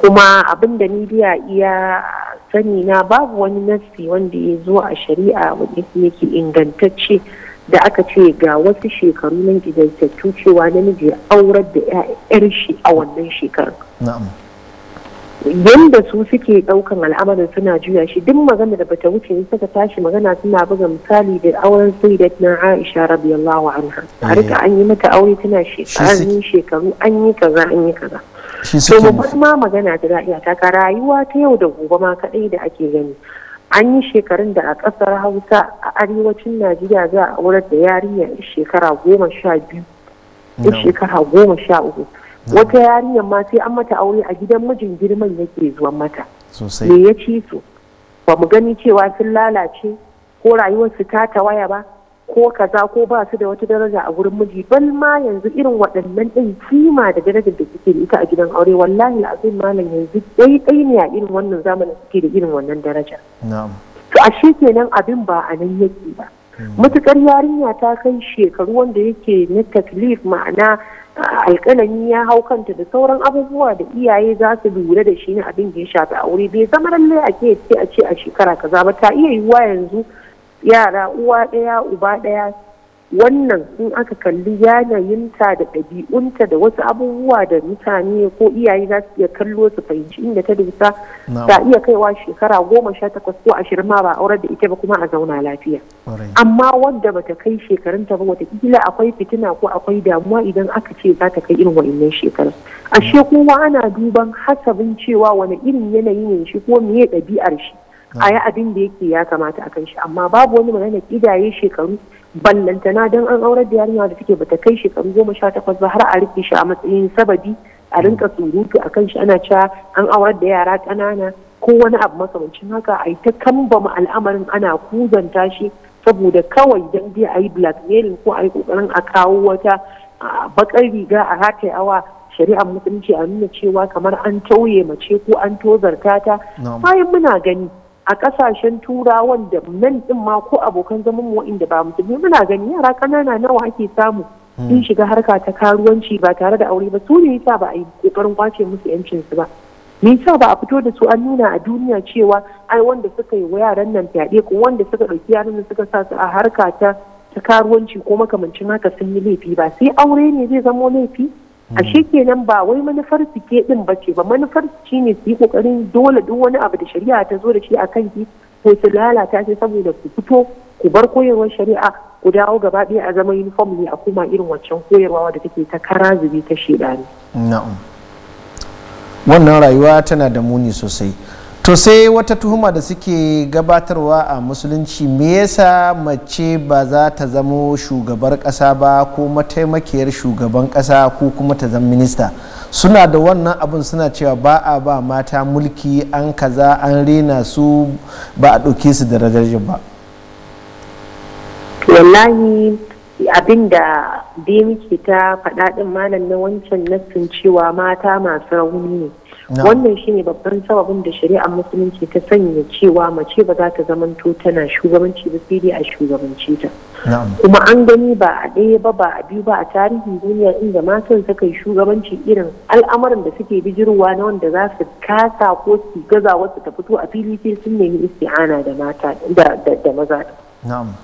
kuma abin da midiya iya sani na babu wani nasi wanda ya zo a shari'a wanda yake ingantacce da aka ce ga wasu shekaru nan gidan cewa namiji ya aurar da 'yar shi a wannan shekarar. yadda su suke daukan al'amarin suna juya shi duk magana da bata wuce suka tashi magana suna buga misali da auren sayyidat na Aisha rabiyallahu anha a rika eh. an yi mata aure tana shekaru shekaru an yi kaza an yi kaza to ma magana ta ra'iya ta ka rayuwa ta yau da gobe ma kadai da ake gani an yi shekarun da a kasar Hausa a arewacin Najeriya za a aurar da yarinya shekara goma sha biyu shekara goma sha uku wata yarinyar ma sai an mata aure a gidan mijin girman yake zuwan mata me ya ci su ba mu gani cewa sun lalace ko rayuwarsu ta tawaya ba ko kaza ko ba su da wata daraja a gurin miji bal ma yanzu irin waɗannan ɗin kima da darajar da suke da ita a gidan aure wallahi azim malam yanzu ɗai ne a irin wannan zamanin suke da irin wannan daraja to ashe kenan abin ba a nan yake ba hmm. matukar yarinya ta kai shekaru wanda yake na taklif ma'ana alƙalami ya hau kanta da sauran abubuwa da iyaye za su lura da shi ne abin da ya shafi aure bai zama lallai a ke ce a ce a shekara kaza ba ta iya yiwuwa yanzu yara uwa ɗaya uba ɗaya wannan in aka kalli yanayinta da ɗabi'unta da wasu abubuwa da mutane ko iyaye za su iya kallo su fahimci inda ta dusa ta iya kaiwa shekara goma sha takwas ko ashirin ma ba aurar da ita ba kuma a zauna lafiya amma wadda bata kai shekarun ta ba watakila akwai fitina ko akwai damuwa idan aka ce za ta kai irin wa'innan shekarun ashe kowa ana duban hasabin cewa wani irin yanayi ne shi ko meye ɗabi'ar shi a yi abin da yake ya kamata a kan shi amma babu wani magana kidaye shekaru ballantana don an aurar da yarinya da take bata kai shekaru goma sha takwas ba har a rike shi a matsayin sababi a rinka surutu a kan shi ana cewa an aurar da yara ƙanana ko wani abu makamancin haka a yi ta kambama al'amarin ana kuzanta shi saboda kawai don dai a yi blackmailing ko a yi kokarin a kawo wata bakar riga a rataye awa shari'ar musulunci a nuna cewa kamar an tauye mace ko an tozarta ta bayan muna gani a kasashen turawan da nan din ma ko abokan zaman mu inda ba musulmi muna gani yara kanana nawa ake samu hmm. sun shiga harka ta karuwanci ba tare da aure ba su ne yasa ba a yi kokarin kwace musu yancin su ba me yasa ba a fito da su an nuna a duniya cewa ai wanda suka yi wa yaran nan fyaɗe ko wanda suka ɗauki yaran nan suka sa su a harka ta ta karuwanci ko makamancin haka sun yi laifi ba sai aure ne zai zamo laifi ashe hmm. kenan ba wai manufar su ke din ba ce ba manufar su ne su yi kokarin dole duk wani abu da shari'a ta zo da shi a kan ki ko su lalata shi saboda ku fito ku bar koyarwar shari'a ku dawo gaba ɗaya a zama uniform ne a kuma irin waccan koyarwa da take ta kara zubi ta shedani na'am wannan rayuwa tana da muni sosai to sai wata tuhuma da suke gabatarwa a musulunci me yasa mace ba za ta zamo shugabar kasa ba ko mataimakiyar shugaban kasa ko kuma ta zama minista suna da wannan abun suna cewa ba a ba mata mulki an kaza an rena su ba a ɗauke su da darajar ba wallahi abin da bai muke ta faɗaɗin malam na wancan nassin cewa mata masu rauni ne wannan shine babban sababin da shari'ar musulunci ta sanya cewa mace ba za ta zamanto tana shugabanci ba sai dai a shugabanci ta kuma an gani ba a ɗaya ba ba a biyu ba a tarihin duniya inda matan suka yi shugabanci irin al'amarin da suke bijirwa na wanda za su kasa ko su gaza wasu ta fito a fili sai sun nemi isti'ana da mata da maza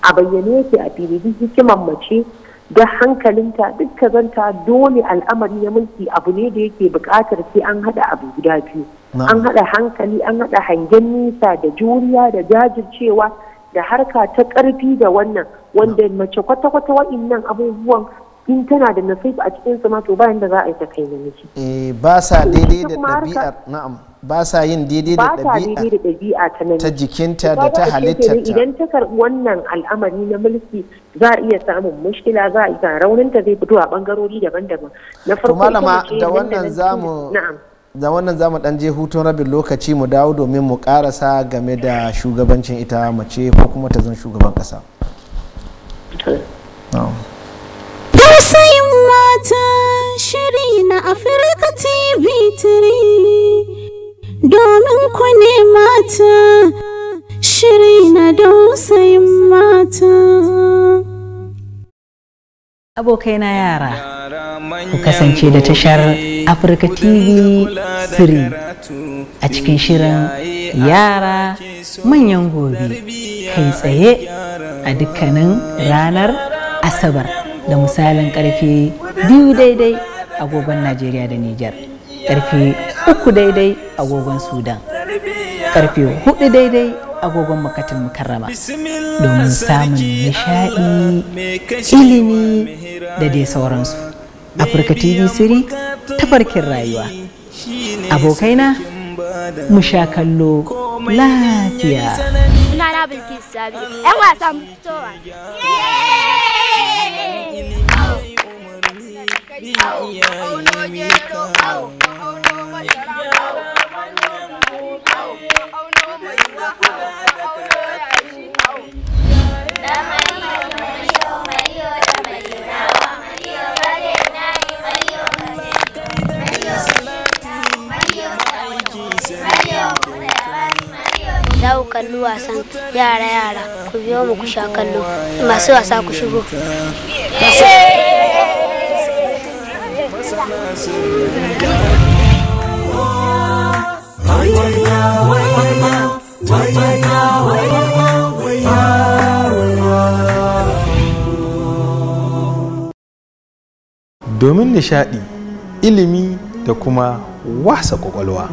a bayyane yake a fili hikiman mace da hankalinta duk kazanta dole al'amari ya mulki abu ne da yake buƙatar sai an haɗa abu guda biyu an haɗa hankali an haɗa hangen nisa da juriya da jajircewa da harka ta ƙarfi da wannan wanda mace kwata-kwata wa'innan abubuwan in tana da nasib a cikin su ma to bayan da za a yi ta kai namiji eh ba sa daidai da ɗabi'ar na'am ba sa yin daidai da ɗabi'a ta jikinta da ta halitta idan ta karɓi wannan al'amari na mulki za a iya samun mushkila za a iya rauninta zai fito a bangarori daban-daban na farko malama da wannan zamu da wannan zamu dan je hutun rabin lokaci mu dawo domin mu karasa game da shugabancin ita mace ko kuma ta zan shugaban kasa Tausayin mata shiri na Afirka TV 3 domin ku ne mata shiri na dausayin mata. Abokaina yara, ku kasance da tashar Afirka TV siri a cikin shirin yara manyan gobe kai tsaye a dukkanin ranar Asabar da misalin karfe biyu daidai agogon Najeriya da Nijar. karfe uku daidai agogon sudan karfe hudu daidai agogon makatin mukarrama domin samun nishaɗi ilimi da dai sauransu afirka tv siri tafarkin rayuwa abokaina mu sha kallo lafiya Oh, oh sabi yan wasan oh. kallo wasan yara yara ku biyo mu ku sha kallo masu wasa ku shigo domin nishaɗi ilimi da kuma wasa kwakwalwa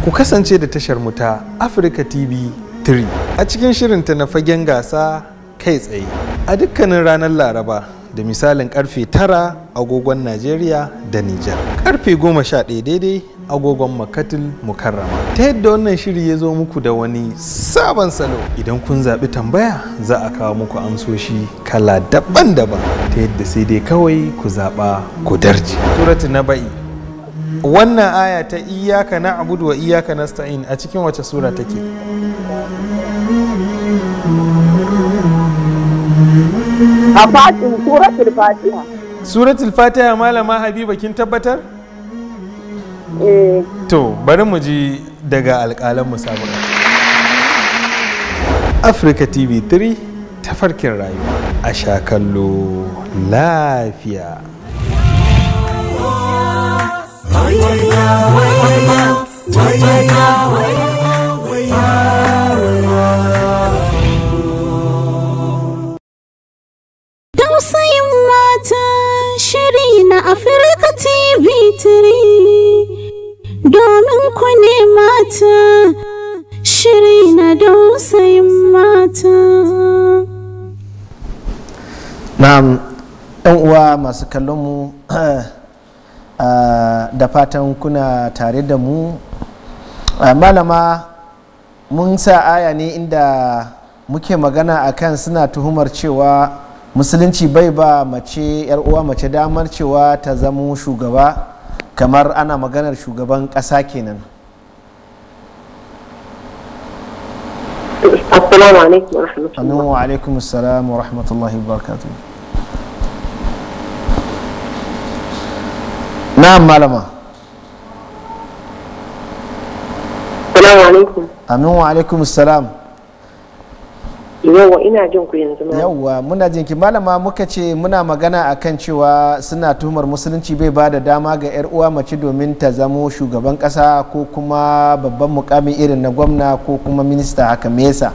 ku kasance da tashar mu ta Afirka TV 3 a cikin shirinta na fagen gasa kai tsaye a dukkanin ranar laraba da misalin karfe tara agogon najeriya da nijar karfe goma sha ɗaya daidai agogon makatil mukarrama ta yadda wannan shiri ya zo muku da wani sabon salo idan kun zaɓi tambaya za a kawo muku amsoshi kala daban-daban ta yadda sai dai kawai ku zaɓa ku darji turatu na ba'i wannan aya ta iyaka na abudu wa iyaka na sta'in a cikin wace sura take a fatin suratul fatiha suratul fatiha malama habiba kin tabbatar eh. to bari mu ji daga alƙalan musabaka afirka tv 3 tafarkin rayuwa a sha kallo lafiya Tausayin mata shiri na Afirka TV domin ku mata shiri na dausayin mata. Na'am, uwa masu kallon mu Ah, da fatan kuna tare da mu ah, malama mun sa aya ne inda muke magana a kan suna tuhumar cewa musulunci bai ba mace yar uwa mace damar cewa ta zamo shugaba kamar ana maganar shugaban ƙasa kenan assalamu alaikum wa rahmatullahi wa barakatuh na'am malama salamu alaikum amin wa alaikum yawwa ina jin ku yanzu ma yawwa muna jin ki malama muka ce muna magana akan cewa suna tuhumar musulunci bai ba da dama ga yar uwa mace domin ta zamo shugaban kasa ko kuma babban mukamin irin na gwamna ko kuma minista haka me yasa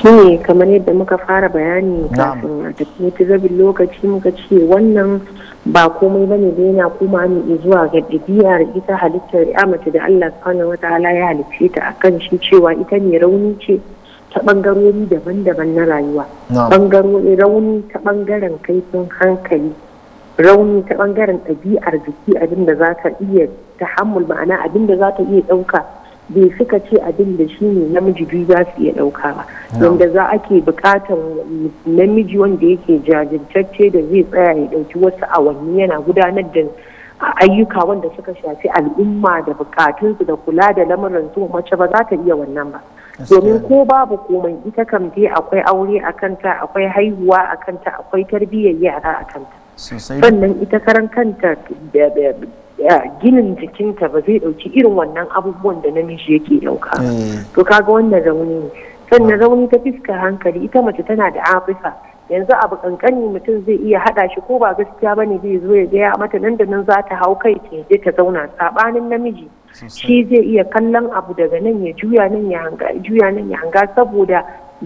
shine kamar yadda muka fara bayani kafin a tafi zabin lokaci muka ce wannan ba komai bane da yana kuma ne zuwa ga ɗabi'ar ita halittar ya mace da Allah wata ala ya halicce ta akan shi cewa ita ne rauni ce ta bangarori daban-daban na rayuwa bangarori rauni ta bangaren kaifin hankali rauni ta bangaren ɗabi'ar jiki abinda za ta iya tahammul ma'ana abinda za ta iya ɗauka bai suka ce abin da shi ne namiji biyu za su iya ɗauka ba wanda za ake buƙatar namiji wanda yake jajirtacce da zai tsaya ya ɗauki wasu awanni yana gudanar da ayyuka wanda suka shafi al'umma da bukatunsu da kula da lamarin su mace ba za ta iya wannan ba domin ko babu komai ita kam dai akwai aure a kanta akwai haihuwa a kanta akwai tarbiyyar yara a kanta sannan ita karan kanta ginin jikinta ba zai ɗauki irin wannan abubuwan da namiji yake ɗauka eh. to kaga wannan rauni sannan rauni ta fiskar hankali ita mace tana da afisa yanzu abu kankani mutum zai iya hada shi ko ba gaskiya bane zai zo ya gaya mata nan da nan za ta hau kai ke je ta zauna sabanin namiji shi zai iya kallon abu daga nan ya juya nan ya hanga juya nan ya hanga saboda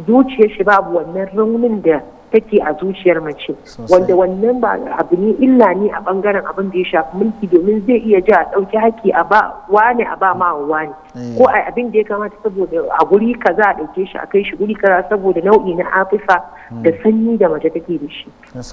zuciyar shi babu wannan raunin da take a zuciyar mace wanda wannan ba abu ne illa ne a bangaren abin da ya shafi mulki domin zai iya ji a ɗauki haƙƙi a ba wani a ba ma wani eh. ko a abin da ya kamata saboda a guri kaza a ɗauke shi a kai shi guri kaza saboda nau'i na afisa hmm. da sanyi da mace take da shi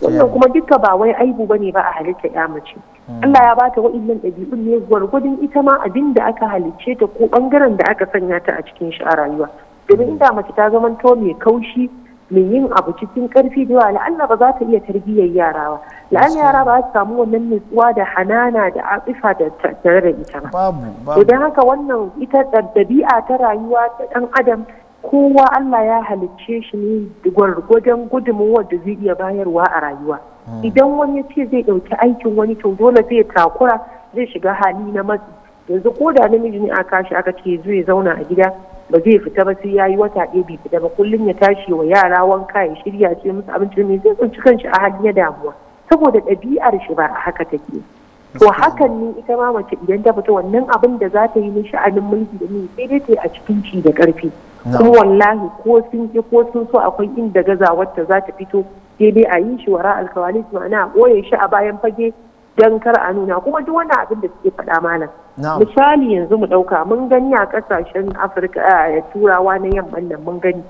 wannan kuma duka ba wai aibu bane ba a halitta ya mace hmm. Allah ya bata wa'innan ɗabi'un ne gwargwadon ita ma abin da aka halicce ta ko bangaren da aka sanya ta a cikin shi a rayuwa domin hmm. inda mace ta zama to mai kaushi mai yin abu cikin karfi da yawa Allah ba za ta iya tarbiyyar yara ba la'alla yara ba samu wannan nutsuwa da hanana da atsifa da tare da ita ba idan haka wannan ita ɗabi'a ta rayuwa ta dan adam kowa Allah ya halicce shi ne gwargwajen gudunmawar da zai iya bayarwa a rayuwa hmm. idan wani ya ce zai ɗauki aikin wani to dole zai takura zai shiga hali na matsi yanzu ko da namiji ne aka shi aka ce zai zauna a gida ba zai fita ba sai ya yi wata ɗaya bai fita ba kullum ya tashi wa yara wanka ya shirya ce musu abinci mai zai tsinci kanshi a hali ya damuwa saboda ɗabi'ar shi ba a haka take to hakan ne ita ma mace idan ta fita wannan abin da za ta yi na sha'anin mulki da ne sai dai ta yi a cikin ci da ƙarfi kuma wallahi ko sun ki ko sun so akwai inda gazawar ta za ta fito sai dai a yi shi wara alkawalis ma'ana a ɓoye shi a bayan fage don kar a nuna kuma duk wani abin da suke faɗa mana misali yanzu mu ɗauka mun gani a ƙasashen afirka a turawa na yamman nan mun gani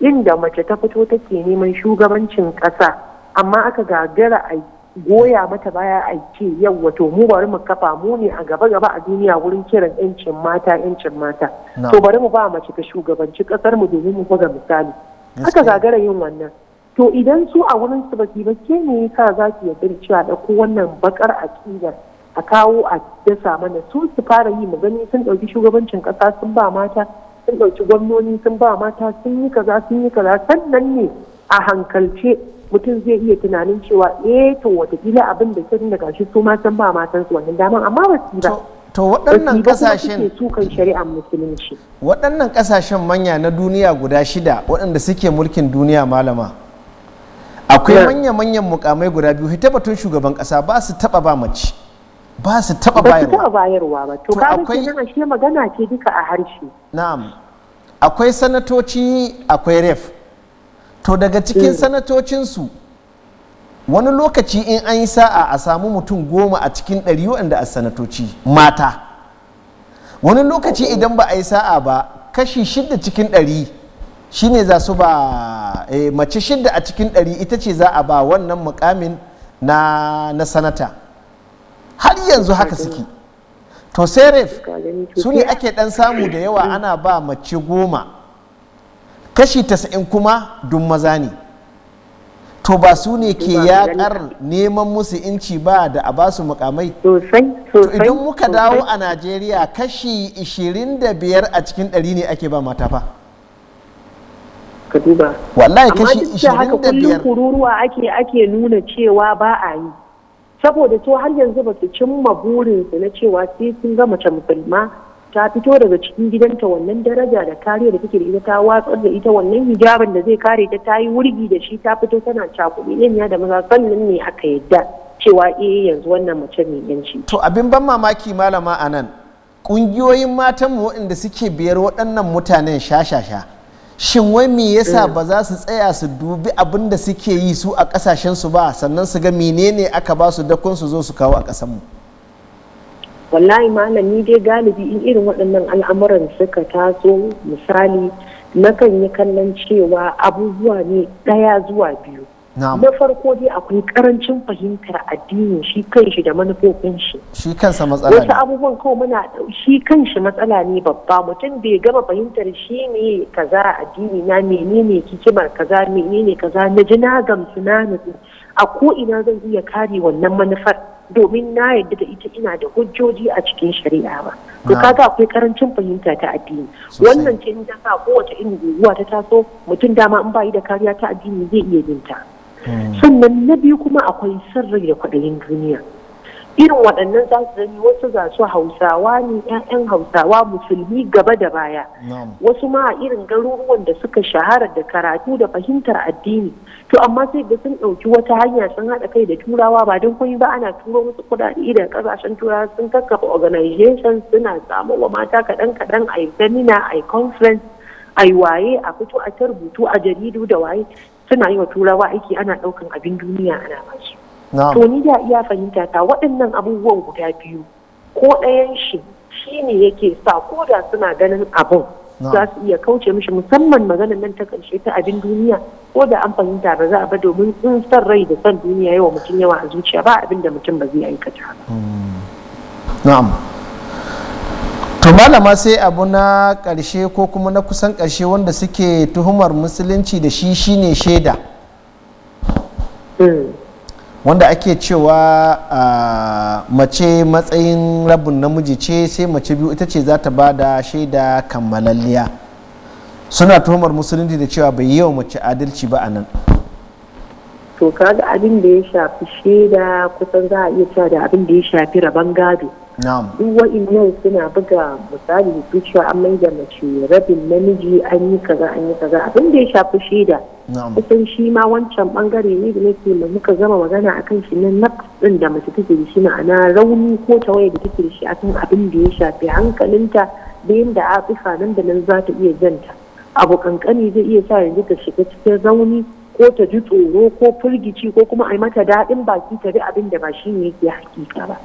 inda mace ta fito take neman shugabancin ƙasa amma aka gagara a goya mata baya a ce yau wato mu bari mu kafa mu ne a gaba gaba a duniya wurin kiran yancin mata yancin mata to bari mu ba mace ta shugabanci ƙasar mu domin mu buga misali aka gagara yin wannan to idan su a wurin su baki ba ke ne ka za ki yadda da cewa da ko wannan bakar aƙidar a kawo a dasa mana su su fara yi mu gani sun ɗauki shugabancin kasa sun ba mata sun ɗauki gwamnoni sun ba mata sun yi kaza sun yi kaza sannan ne a hankalce mutum zai iya tunanin cewa eh to watakila abin da ke daga shi su ma san ba matan su wannan daman amma ba su ba to waɗannan kasashen shari'ar musulunci waɗannan ƙasashen manya na duniya guda shida waɗanda suke mulkin duniya malama akwai manya-manyan mukamai guda biyu hita batun shugaban kasa ba su taba ba mace ba su taba bayarwa ba to ka akwai magana ce duka a harshe na'am akwai sanatoci akwai ref to daga cikin eh. sanatocin su wani lokaci in an yi sa'a a samu mutum goma a cikin ɗari waɗanda a sanatoci mata wani lokaci idan ba a yi sa'a ba kashi shida cikin ɗari shine za su ba e, mace shidda a cikin ɗari ita ce za a ba wannan mukamin na, na sanata har yanzu haka suke to serif su ne ake dan samu da yawa ana ba mace goma kashi tasa'in kuma dun maza ne to ba su ne ke yaƙar neman musu inci ba da a ba su mukamai to idan muka dawo a najeriya kashi 25 a cikin ɗari ne ake ba mata fa ka duba wallahi kashi amma haka kullum kururuwa ake ake nuna cewa ba a yi saboda to har yanzu ba su cimma burinsu na cewa sai sun ga mace musulma ta fito daga cikin gidanta wannan daraja da kariya da take da ita ta watsar da ita wannan hijabin da zai kare ta ta yi wurgi da shi ta fito tana cakuɗi ya da maza sannan ne aka yadda cewa eh yanzu wannan mace ne yanci. to abin ban mamaki malama a nan ƙungiyoyin matanmu waɗanda suke biyar waɗannan mutanen sha shin wai me yasa eh. ba za su tsaya su dubi abin da suke yi su a kasashen su ba sannan su ga menene aka ba su dakon su zo su kawo a kasanmu wallahi malami dai galibi in irin waɗannan al'amuran suka taso misali nakan yi kallon cewa abubuwa ne ɗaya zuwa biyu na farko dai akwai karancin fahimtar addinin shi kanshi da manufofin shi shi kansa matsala wasu abubuwan kawai muna shi kanshi matsala ne babba mutum bai gama fahimtar shi ne kaza addini na menene kikimar kaza menene kaza na ji na gamsu na a ko ina zan iya kare wannan manufar domin na yadda da ita ina da hujjoji a cikin shari'a ba to kaga akwai karancin fahimta ta addini wannan ce in ta sa kowace irin guguwa ta taso mutum dama in bayi da kariya ta addini zai iya binta. Hmm. sannan na biyu kuma akwai son da kwaɗayin duniya irin waɗannan za su zami wasu za su hausawa ne 'ya'yan hausawa musulmi gaba da baya wasu ma irin garuruwan da suka shahara da karatu da fahimtar addini to amma sai da sun ɗauki wata hanya sun haɗa kai da turawa ba don kuma ba ana turo musu kuɗaɗe da ƙasashen turawa sun kakkafa organization suna samu wa mata kaɗan kaɗan a yi seminar a yi conference a yi waye a fito a ta rubutu a jaridu da waye suna yi wa turawa aiki ana ɗaukan abin duniya ana masu. to ni da iya fahimta ta waɗannan abubuwan guda biyu ko ɗayan shi shi ne yake sa ko da suna ganin abin za su iya kauce mishi musamman maganar nan ta ƙarshe ta abin duniya ko da an fahimta ba za a ba domin in san rai da son duniya yawa mutum yawa a zuciya ba abin da mutum ba zai aikata ba. Hmm. Na'am. to malama sai abu na ƙarshe ko kuma na kusan ƙarshe wanda suke tuhumar musulunci da shi shine shaida hmm. wanda ake cewa mace matsayin rabin namiji ce sai mace biyu ita ce za ta ba da shaida kammalalliya suna tuhumar musulunci da cewa bai yi wa mace adalci ba a nan to kaga abin da ya shafi shaida kusan za a iya cewa da abin da ya shafi rabon gado duk wa'innan suna buga misali zuciya an mai da mace rabin namiji an yi kaza an yi kaza abin da ya shafi shaida kusan shi ma wancan bangare ne da nake muka gama magana akan shi na nafsin da mace take da shi ma'ana rauni ko ta waya da take da shi akan abin da ya shafi hankalinta da yadda tsufa nan da nan za ta iya janta abu kankani zai iya sa yanzu ta shiga cikin rauni ko ta ji tsoro ko firgici ko kuma a mata daɗin baki ta bi abin da ba shi ne yake hakika ba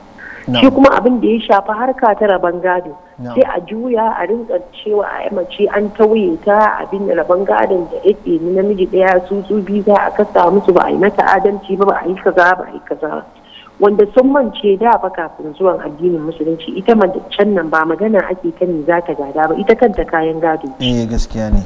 shi kuma abin da ya shafi harka ta rabon gado sai a juya a rinka cewa a mace an tauye ta abin da rabon gadon da ke ni namiji daya su su biyu za a kasa musu ba a yi mata adalci ba ba a yi kaza ba a yi kaza wanda sun mance da fa kafin zuwan addinin musulunci ita can nan ba magana ake kani za ta gada ba ita kanta kayan gado eh gaskiya ne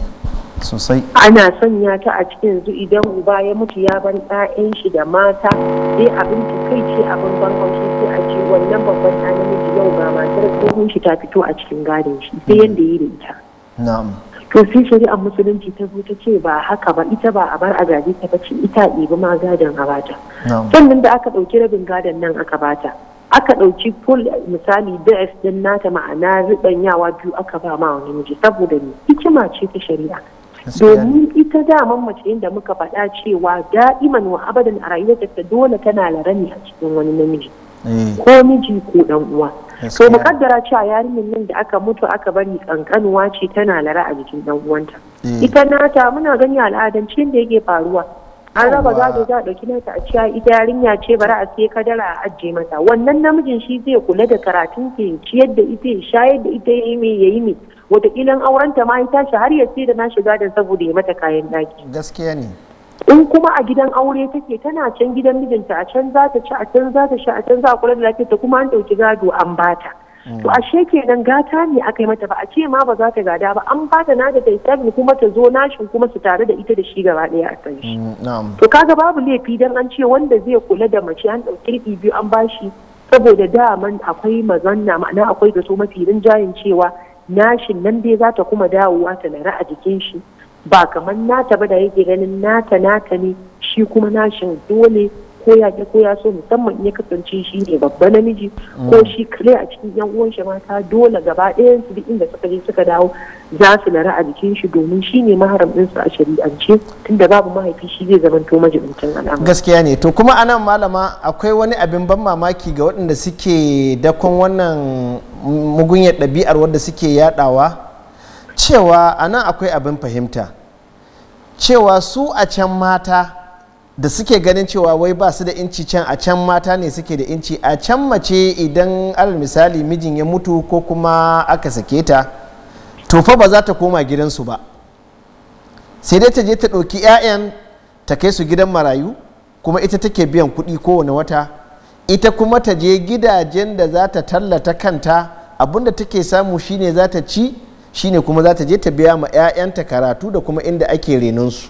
sosai ana sanya ta a cikin zu idan uba ya mutu ya bar ɗayan shi da mata sai abin kai ce abin ban haushi sai a ce wannan babban ɗa namiji yau ga matar tsohon shi ta fito a cikin gadon shi sai hmm. yanda yi da ita na'am to sai shari'ar musulunci ta zo ta ce ba haka ba ita ba a bar a gaji ta bace ita ɗibi ma gadon a bata sannan da aka ɗauki rabin gadon nan aka bata aka ɗauki pul misali daas din nata ma'ana riɓanyawa biyu aka ba ma wani miji saboda ne hikima ce ta shari'a domin ita daman mace inda muka faɗa cewa da'iman wa abadan a rayuwarta ta dole tana da rami a cikin wani namiji eh. ko miji ko dan uwa to mu cewa yarinyar nan da aka mutu aka bari kankanuwa ce tana lara a jikin dan uwanta eh. ita nata muna gani al'adance da yake faruwa an raba gado za a ɗauki nata a ciya ita yarinya ce bara a sai kadara a ajiye mata wannan namijin shi zai kula da karatun ke ciyar da ita ya shayar da ita ya yi me ya me auren aurenta ma ya tashi har ya ce da na shiga da saboda ya mata kayan daki gaskiya ne in kuma a gidan aure take tana can gidan mijinta a can za ta ci a can za ta sha a can za a kula da lafiyarta kuma an ɗauki gado an bata mm. to ashe kenan gata ne aka yi mata ba a ce ma ba za ta gada ba an bata na da taifin kuma ta zo nashin kuma su tare da ita da shi gaba ɗaya a san shi mm, to kaga babu laifi dan an ce wanda zai kula da mace an ɗauki riɓi biyu an bashi saboda daman akwai mazanna ma'ana akwai da so mafi rinjayin cewa nashin nan dai za ta kuma dawowa ta nara a jikin shi ba kamar nata ba da yake ganin nata nata ne shi kuma nashin dole ko ya ko ya so musamman ya kasance shi ne babba namiji ko mm. shi kare a cikin yan uwan shi mata dole gaba ɗayan su duk inda suka je suka dawo za su lara a jikin shi domin shi ne maharam ɗinsu a shari'ance tunda babu mahaifi shi zai zamanto majibincin al'amari gaskiya ne to kuma anan malama akwai wani abin ban mamaki ga waɗanda suke dakon wannan mugunyar ɗabi'ar wadda suke yaɗawa cewa anan akwai abin fahimta cewa su a can mata da suke ganin cewa wai ba su da inci can a can mata ne suke da inci a can mace idan alal misali mijin ya mutu ko kuma aka sake ta to fa ba za ta koma gidansu ba sai dai ta je ta ɗauki 'ya'yan ta kai su gidan marayu kuma ita take biyan kuɗi kowane wata ita kuma ta je gidajen da za ta tallata kanta da take samu shine za ta ci shine kuma za ta je ta biya ma 'ya'yanta karatu da kuma inda ake su.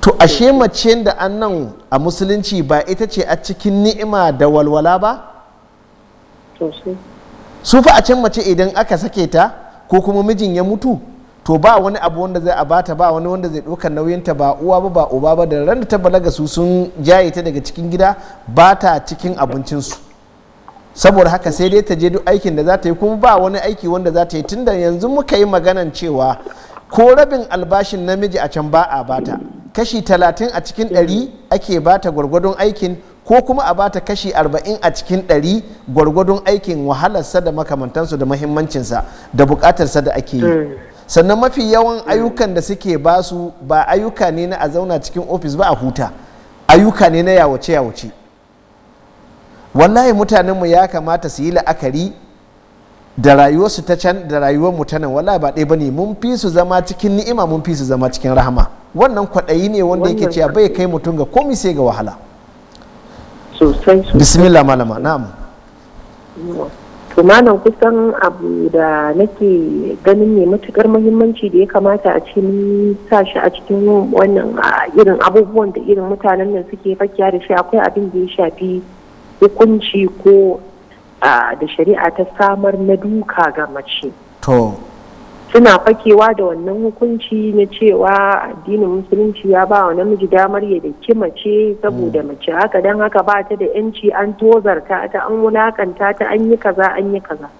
to ashe mace da annan a musulunci ba ita ce a cikin ni'ima da walwala ba su fa a can mace idan aka sake ta ko kuma mijin ya mutu to ba wani abu wanda zai abata ba wani wanda zai ɗaukar ta ba uwa ba ba uba ba da ran da ta balaga su sun jaye ta daga cikin gida ba ta cikin abincinsu saboda haka sai dai ta je duk aikin da za ta yi kuma ba wani aiki wanda za ta yi tunda yanzu muka yi maganan cewa ko rabin albashin namiji a can ba a bata kashi talatin a cikin ɗari ake bata gwargwadon aikin ko kuma a bata kashi arba'in a cikin ɗari gwargwadon aikin wahalarsa da makamantansu da mahimmancinsa da buƙatarsa da ake yi eh. sannan mafi yawan eh. ayyukan da suke basu ba ayyuka ne na a zauna cikin ofis ba a huta ayyuka ne na yawace-yawace wallahi mutanenmu ya kamata su yi la'akari da rayuwarsu ta can da rayuwar mu ta nan wala ba ɗaya bane mun fi su zama cikin ni'ima mun fi su zama cikin rahama wannan kwaɗayi ne wanda yake cewa bai kai mutum ga komai sai ga wahala bismillah malama na'am tumanin kusan abu da nake ganin ne matukar muhimmanci da ya kamata a cikin sashi shi a cikin wannan irin abubuwan da irin mutanen nan suke fakiya da shi akwai abin da ya shafi hukunci ko da shari'a ta samar na duka ga mace to suna fakewa da wannan hukunci na cewa addinin musulunci ya ba wa namiji damar ya daki mace saboda hmm. mace haka don haka ba ta da yanci an tozarta ta an wulakanta ta an yi kaza an yi kaza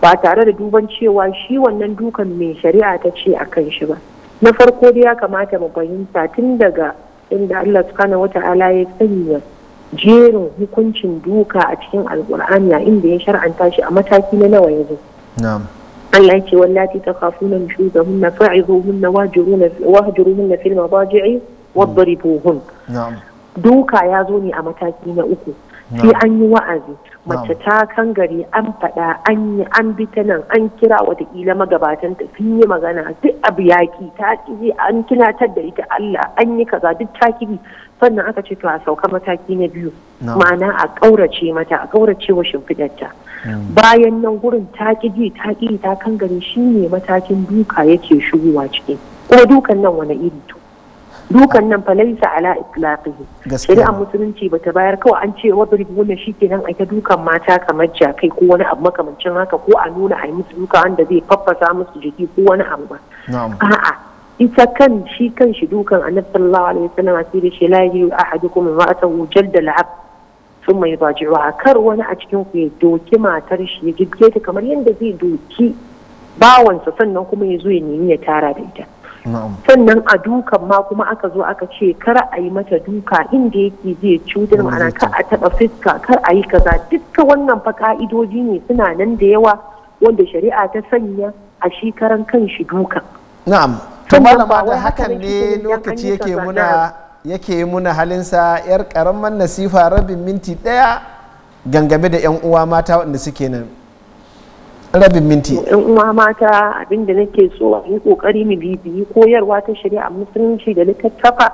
ba tare da duban cewa shi wannan dukan mai shari'a ta ce a kan shi ba na farko dai ya kamata mu fahimta tun daga inda Allah subhanahu Ta'ala ya sanya jerin hukuncin duka a cikin alkur'ani a inda ya shar'anta shi a mataki na nawa yanzu Allah ya ce wallati takhafuna nushuzahunna fa'izuhunna wahjuruhunna fil mabaji'i wadribuhun duka ya zo ne a mataki na uku sai an yi wa'azi mace ta kan gari an faɗa an yi an bi ta nan an kira watakila magabatan ta sun yi magana duk abu yaƙi ta ƙi an tunatar da ita Allah an yi kaza duk ta ƙi sannan aka ce to a sauka mataki na biyu ma'ana a ƙaurace mata a ƙaurace wa shimfidarta bayan nan gurin ta ƙi ta ƙi ta kan gari shine matakin duka yake shigowa ciki kuma dukan nan wani iri to dukan nan fa laisa ala itlaqihi shari'ar musulunci bata bayar kawai an ce wa wannan shikenan a ta dukan mata kamar jakai ko wani abu makamancin haka ko a nuna a yi musu duka wanda zai faffasa musu jiki ko wani abu ba a'a ita kan shi kan shi dukan annabi sallallahu alaihi wasallam a cikin shi la yi ahadukum ra'atahu jalda al'ab sun mai bajiwa kar wani a cikin ku ya doki matar shi ya jibge ta kamar yadda zai doki bawansa sannan kuma ya zo ya nemi ya tara da ita sannan a dukan ma kuma aka zo aka ce kar a yi mata duka inda yake zai cutar ma'ana kar a taba fiska kar a yi kaza dukkan wannan fa ka'idoji ne suna nan da yawa wanda shari'a ta sanya a shi karan kan shi duka na'am to malama hakan ne lokaci yake muna yake muna halinsa yar karamar nasifa rabin minti daya gangame da yan uwa mata waɗanda suke nan rabin minti yan uwa mata abinda nake so a yi kokari mu bibiyi koyarwa ta shari'a musulunci da littattafa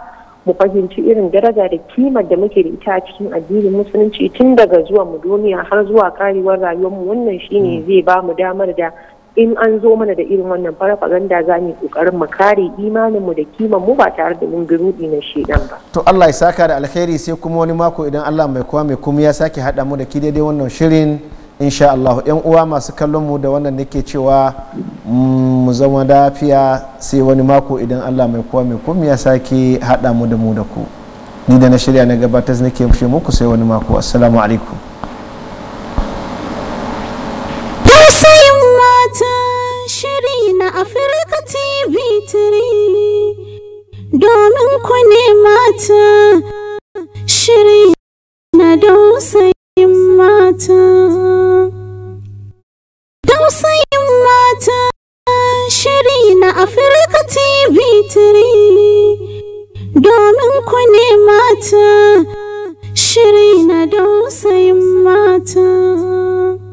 mu fahimci irin daraja da kimar da muke da ita a cikin addinin musulunci tun daga zuwa mu duniya har zuwa karewar mu wannan shine mm. zai ba mu damar da in an zo mana da irin wannan farfaganda za mu kokarin mu kare imanin mu da kiman mu ba tare da mun gurudi na shedan ba to Allah ya saka da alkhairi sai kuma wani mako idan Allah mai kowa mai kuma ya sake hada mu da ki daidai wannan shirin insha Allah yan uwa masu kallon mu da wannan nake cewa mm, mu zama lafiya sai wani mako idan Allah mai kowa mai kuma ya sake hada mu da mu da ku ni da na shirya na gabatar nake mushe muku sai wani mako assalamu alaikum shiri na Afirka TV 3 domin ku ne mata tausayin mata shiri na afirka tv 3 domin ku ne mata shiri na dausayin mata